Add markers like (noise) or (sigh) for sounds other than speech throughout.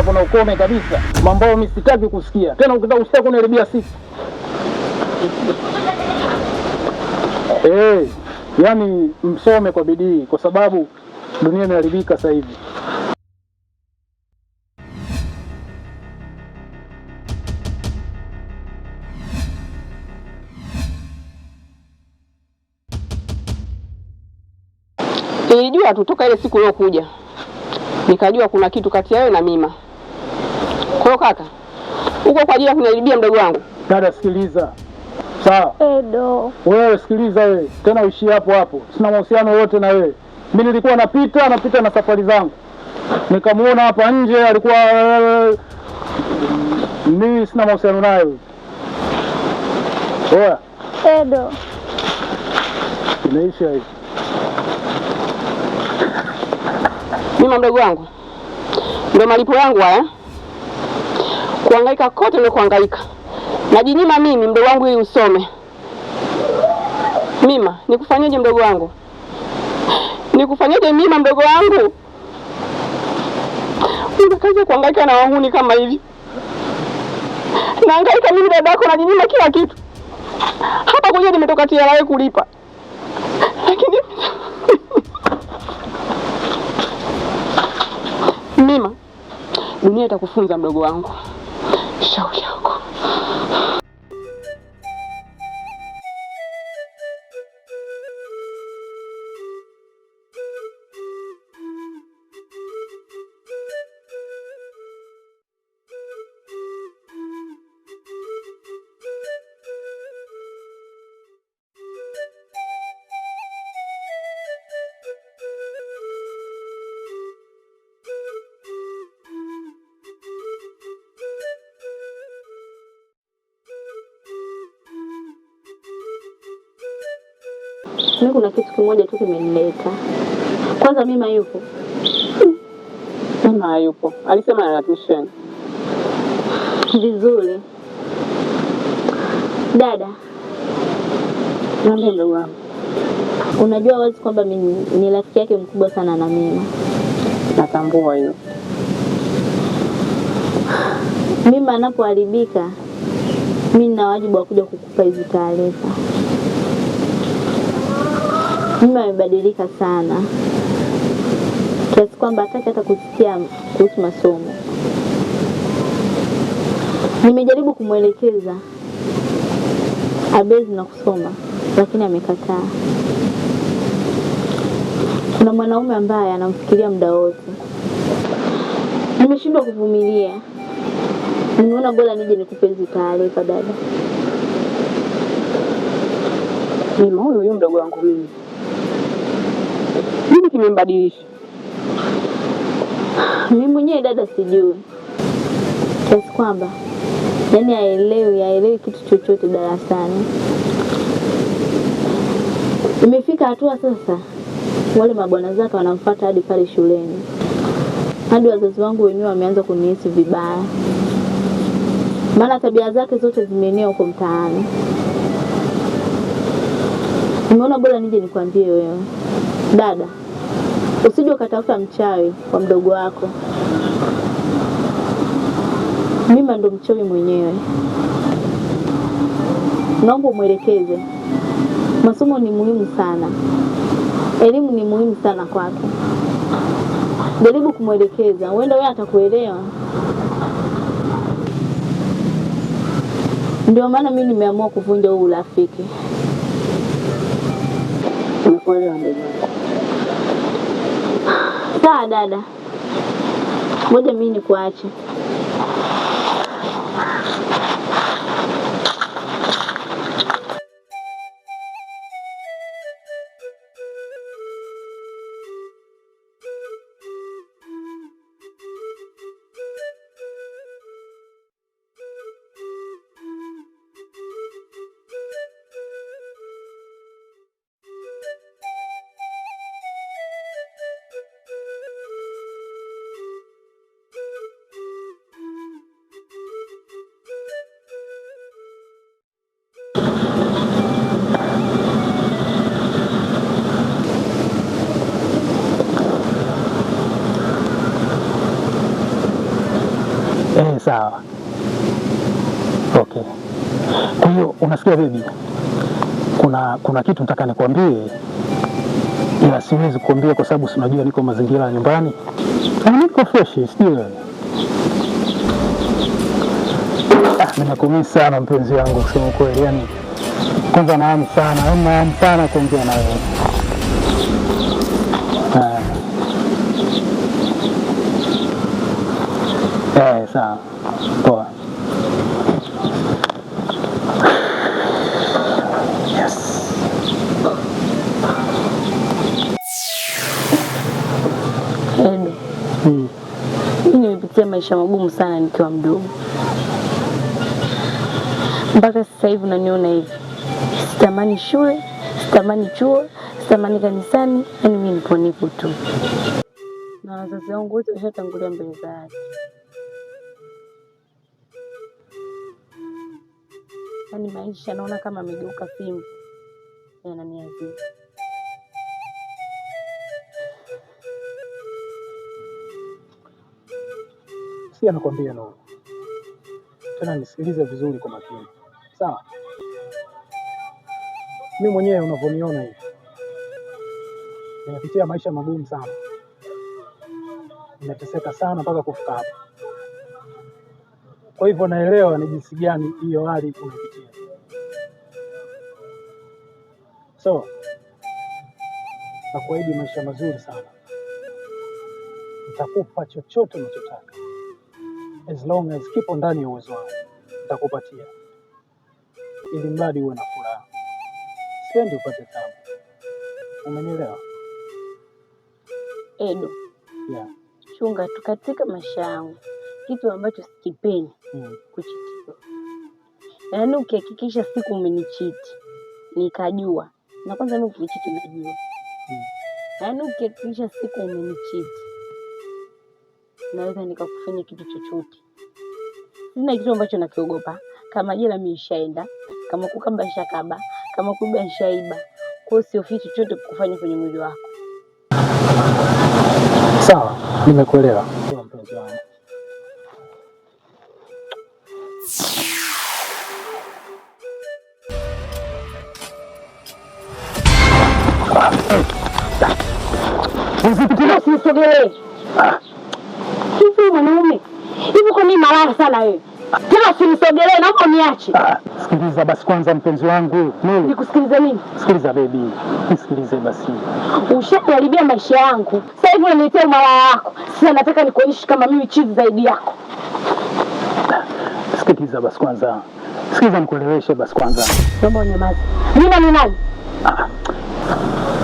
hapo na ukome kabisa, mambo ambayo mimi sitaki kusikia tena. Ukitaka kusikia kuniharibia siku hey, eh, yani msome kwa bidii, kwa sababu dunia imeharibika sasa hivi. Nilijua tu toka ile siku iliyokuja nikajua kuna kitu kati ya na Mima. Halo kaka, uko kwa ajili ya kuniharibia mdogo wangu? Dada sikiliza, sawa Edo. Wewe sikiliza, wewe tena uishie hapo hapo, sina mahusiano yote na wewe. Mimi nilikuwa napita napita na safari zangu, nikamuona hapa nje, alikuwa mimi sina mahusiano naye. Oya Edo, inaisha hii. Mimi mdogo wangu ndio malipo yangu haya kuhangaika kote kuangaika najinyima mimi mdogo wangu ili usome. Mima, nikufanyeje mdogo wangu? Nikufanyaje Mima mdogo wangu? Unakaza kuhangaika na wahuni kama hivi? naangaika mimi dadako, najinyima kila kitu. Hapa kuja nimetoka TRA kulipa, lakini Mima, dunia itakufunza mdogo wangu. 手摇鼓。Mimi kuna kitu kimoja tu kimenileta. Kwanza Mima yupo? Mima hayupo, alisema ana tuition. Vizuri dada, niambie ndugu wangu, unajua wazi kwamba mimi ni rafiki yake mkubwa sana na Mima. Natambua hiyo. Mima anapoharibika, mimi nina wajibu wa kuja kukupa hizi taarifa mume amebadilika sana kiasi kwamba hataki hata kusikia kuhusu masomo. Nimejaribu kumwelekeza abezi na kusoma, lakini amekataa. Kuna mwanaume ambaye anamfikiria muda wote. Nimeshindwa kuvumilia, nimeona bora nije nikupe hizi taarifa dada. Ni huyu mdogo wangu mimi kimembadilisha? Mimi mwenyewe dada sijui, kiasi kwamba yaani aelewi aelewi kitu chochote darasani. Imefika hatua sasa, wale mabwana zake wanamfuata hadi pale shuleni, hadi wazazi wangu wenyewe wameanza kunihisi vibaya, maana tabia zake zote zimeenea huko mtaani. Nimeona bora nije nikwambie wewe dada. Usije ukatafuta mchawi kwa mdogo wako. Mima ndo mchawi mwenyewe. Naomba umwelekeze. Masomo ni muhimu sana, elimu ni muhimu sana kwake. Jaribu kumwelekeza, huenda wewe atakuelewa. Ndio maana mimi nimeamua kuvunja huu urafiki. Nakuelewa ndugu. Sawa dada, ngoja mimi nikuache. sawa. Okay, kwa hiyo unasikia bibi, kuna kuna kitu nataka nikwambie, ila siwezi kuambia kwa sababu unajua niko mazingira ya nyumbani, niko fresh, sijui wewe. Ah, sana mpenzi wangu, kusema kweli, yani kwanza naamu sana naamu sana kuongea na wewe ah. eh, sawa Poa. Hmm. Nimepitia maisha magumu sana nikiwa mdogo, mpaka sasa hivi unaniona hivi. Sitamani shule, sitamani chuo, sitamani kanisani, yani mimi niponipo tu, na wazazi wangu wote washatangulia mbele za haki. Yaani maisha naona kama amegeuka fimbo, yananiazia si anakwambia Nuru. Tena nisikilize vizuri kwa makini, sawa? Mi mwenyewe unavyoniona hivi, nimepitia maisha magumu sana, nimeteseka sana mpaka kufika hapa kwa hivyo naelewa ni jinsi gani hiyo hali unapitia. So nakuahidi maisha mazuri sana, nitakupa chochote unachotaka as long as kipo ndani ya uwezo wangu, nitakupatia ili mradi uwe na furaha. Sipendi upate tabu, umenielewa? Edo, yeah. Chunga tu katika maisha yangu kitu ambacho sikipendi mm. Kuchitiwa yaani, ukihakikisha siku umenichiti nikajua, na kwanza mimi kuchiti najua mm. Yaani ukihakikisha siku umenichiti naweza nikakufanya kitu chochote. Sina kitu ambacho nakiogopa. Kama jela mimi nishaenda, kama kukamba nishakaba, kama kuiba nishaiba. Kwa hiyo sio chochote kukufanya kwenye mwili wako. Sawa, nimekuelewa. Nisogelee. Ah. Sisi mwanaume. Hivi kwa nini malaya sana wewe? Tena usinisogelee naomba niache. Ah, sikiliza basi kwanza mpenzi wangu. Nini? Nikusikilize nini? Sikiliza baby. Nisikilize basi. Ushaharibia maisha yangu. Sasa hivi unaniletea malaya yako. Sasa nataka nikuishi kama mimi chizi zaidi yako. Sikiliza basi kwanza. Sikiliza nikueleweshe basi kwanza. Naomba unyamaze. Mimi ni nani? Ah.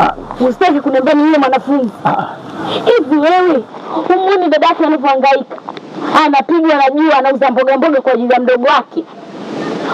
Ah. Usitaki kuniambia ni yule mwanafunzi. Ah. ah. Hivi wewe dada dadake anavyohangaika, anapigwa na jua, anauza mboga mboga kwa ajili ya mdogo wake?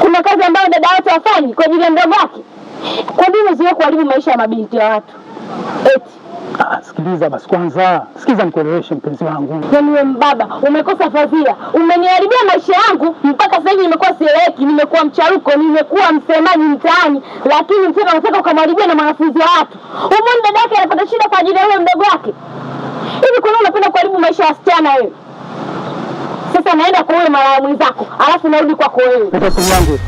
Kuna kazi ambayo dada wote hafanyi kwa ajili ya mdogo wake? Kwa nini uziwe kuharibu maisha ya mabinti ya watu eti? Ah, sikiliza basi kwanza, sikiliza nikueleweshe mpenzi wangu. Yaani wewe mbaba, umekosa fadhila, umeniharibia maisha yangu mpaka sasa hivi nimekuwa sieleweki, nimekuwa mcharuko, nimekuwa msemaji mtaani, lakini tena unataka ukamharibia na mwanafunzi wa watu. Umwoni dada yake anapata shida kwa ajili ya huyo mdogo wake. Hivi kwa nini unapenda kuharibu maisha ya wasichana wewe? Sasa naenda kwa huyo ya mwenzako, alafu narudi kwako wewe. simu yangu.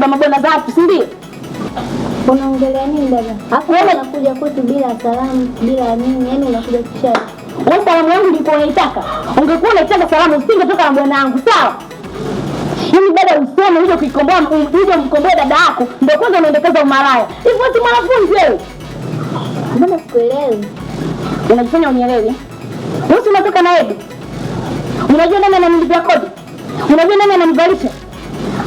za mabwana zafu, si ndio? Unaongelea nini dada? Hapo unakuja kwetu bila salamu, bila nini? Yaani unakuja kisha. Wewe salamu yangu ilikuwa unaitaka. Ungekuwa unaitaka salamu usingetoka na bwana wangu, sawa? Yaani dada useme hizo kikomboa um, hizo mkomboa dada yako ndio kwanza unaendekeza umalaya. Hivyo si mwanafunzi wewe. Mbona sikuelewi? Unajifanya unielewi? Wewe unatoka na Edu. Unajua nani ananilipia kodi? Unajua nani ananivalisha?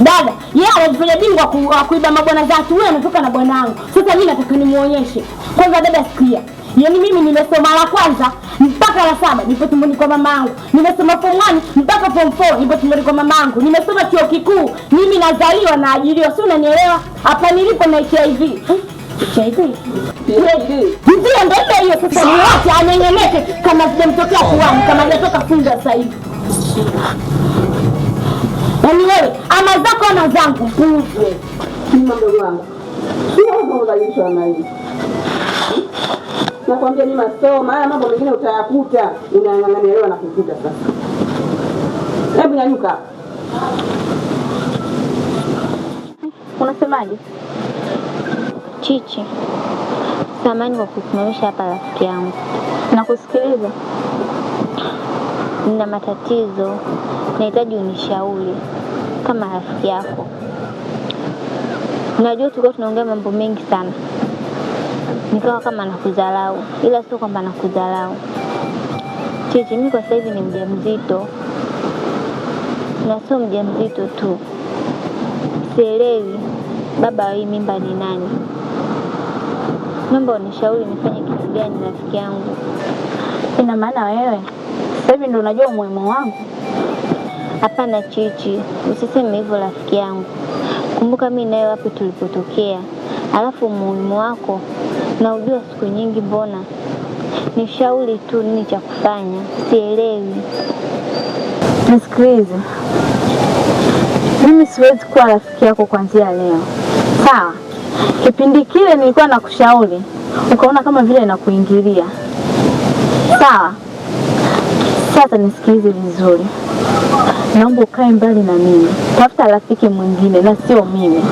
Dada, yeye anajifanya bingwa wa kuiba mabwana za wewe unatoka na bwana wangu. Sasa mimi nataka nimuonyeshe. Kwanza dada, sikia. Yaani mimi nimesoma la kwanza mpaka la saba nipo tumboni kwa mama yangu. Nimesoma form 1 mpaka form 4 nipo tumboni kwa mama yangu. Nimesoma chuo kikuu. Mimi nazaliwa na ajiriwa, si unanielewa? Hapa nilipo na HIV. HIV. Ndio ndio hiyo sasa ni wacha anyenyemeke kama sijamtokea kuwani kama hajatoka funga sasa hivi. Yaani wewe ama zako ama zangu wangu. Sio na Nakwambia ni masomo, haya mambo mengine utayakuta, unang'ang'ania na kukuta sasa. Hebu nyanyuka. Unasemaje? Chichi, samani kwa kusimamisha hapa rafiki yangu. Nakusikiliza. Nina matatizo, nahitaji unishauri kama rafiki yako. Najua tulikuwa tunaongea mambo mengi sana, nikawa kama nakudharau, ila sio kwamba nakudharau Chichi. Mimi kwa sasa hivi ni mjamzito, na sio mjamzito tu, sielewi baba wa hii mimba ni nani. Naomba unishauri nifanye kitu gani, rafiki yangu? Ina maana wewe sasa hivi ndio unajua umuhimu wangu. Hapana Chichi, usiseme hivyo rafiki yangu. Kumbuka mimi nawe wapi tulipotokea, alafu umuhimu wako na ujua siku nyingi. Mbona ni shauri tu nini cha kufanya, sielewi. Nisikilize, mimi siwezi kuwa rafiki yako kuanzia leo, sawa? Kipindi kile nilikuwa nakushauri ukaona kama vile nakuingilia, sawa? Sasa nisikilize vizuri naomba ukae mbali na mimi, tafuta rafiki mwingine na sio mimi.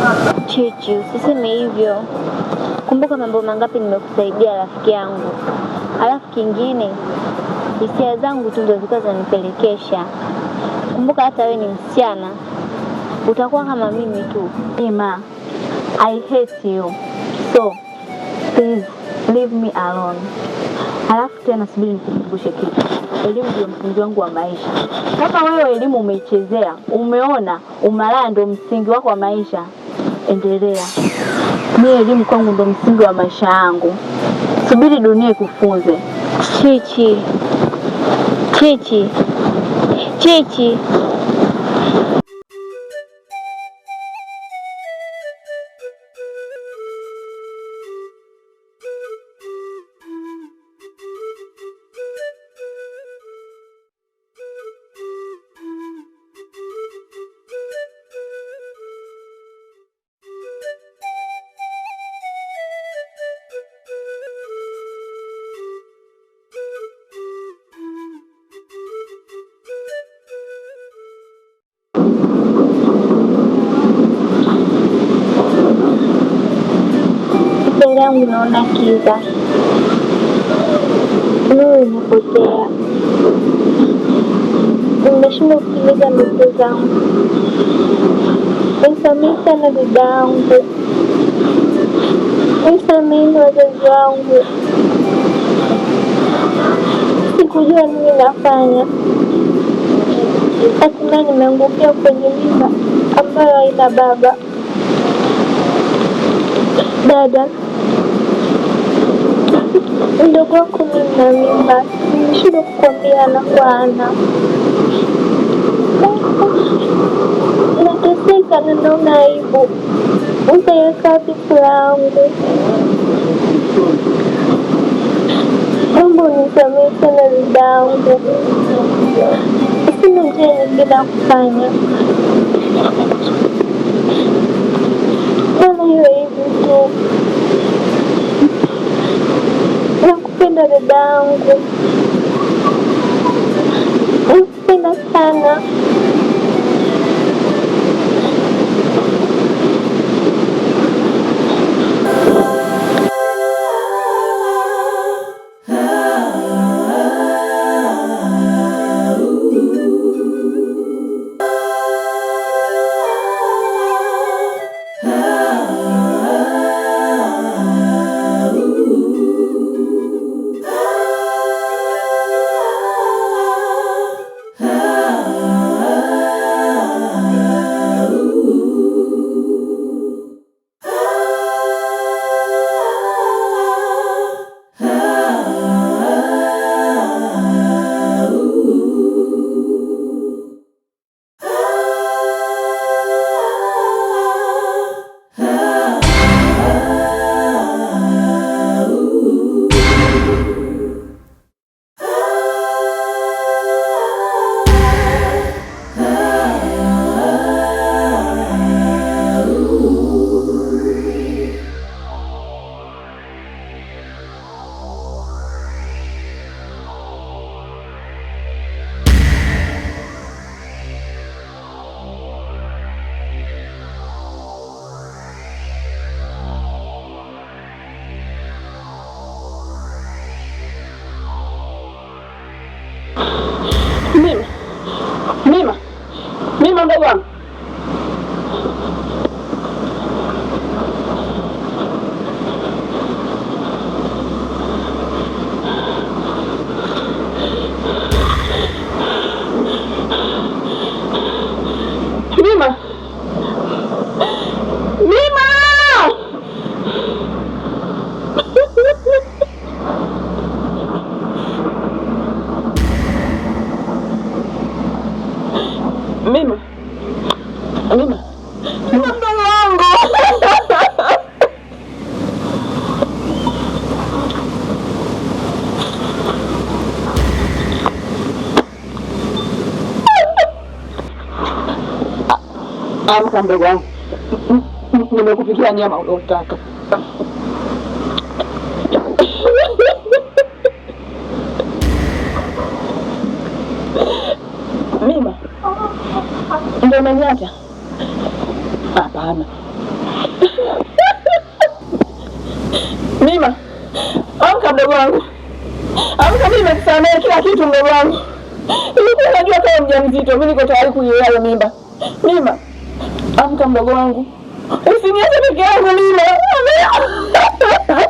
Chuchu, siseme hivyo. Kumbuka mambo mangapi nimekusaidia rafiki yangu. Alafu kingine, hisia zangu tu ndio zilikuwa zinanipelekesha. Kumbuka hata wewe ni msichana, utakuwa kama mimi tu. Ema, I hate you so please leave me alone. Halafu tena subiri nikukumbushe kitu, elimu ndio msingi wangu wa maisha. Kama wewe elimu umeichezea, umeona umalaya ndio msingi wako wa maisha, endelea. Mimi elimu kwangu ndio msingi wa maisha yangu. Subiri dunia ikufunze. Chichi, chichi, chichi. Leo umeona kiza, mimi imepotea. Nimeshindwa kutimiza ndoto zangu, nisamehe sana dada yangu, nisameheni wazazi wangu, sikujua nini nafanya. Hatimaye nimeangukia kwenye mimba ambayo haina baba. Dada mdogo wako mna mimba, nimeshindwa kukwambia anakuwa ana nateseka na naona aibu, utaiweka wapi yangu? Naomba unisamehe sana dada sina njia nyingine ya kufanya. daw. Ang sila sana. Amka mdogo wangu, nimekupikia nyama unaotaka. Mima ndio umeniacha? Hapana. Mima amka mdogo wangu, amka. Mimi nimekusamehe kila kitu mdogo wangu, ilikuwa najua kama mjamzito mimi niko tayari kuileayo mimba. Mima amka mdogo wangu, usiniache peke yangu mimi. (laughs)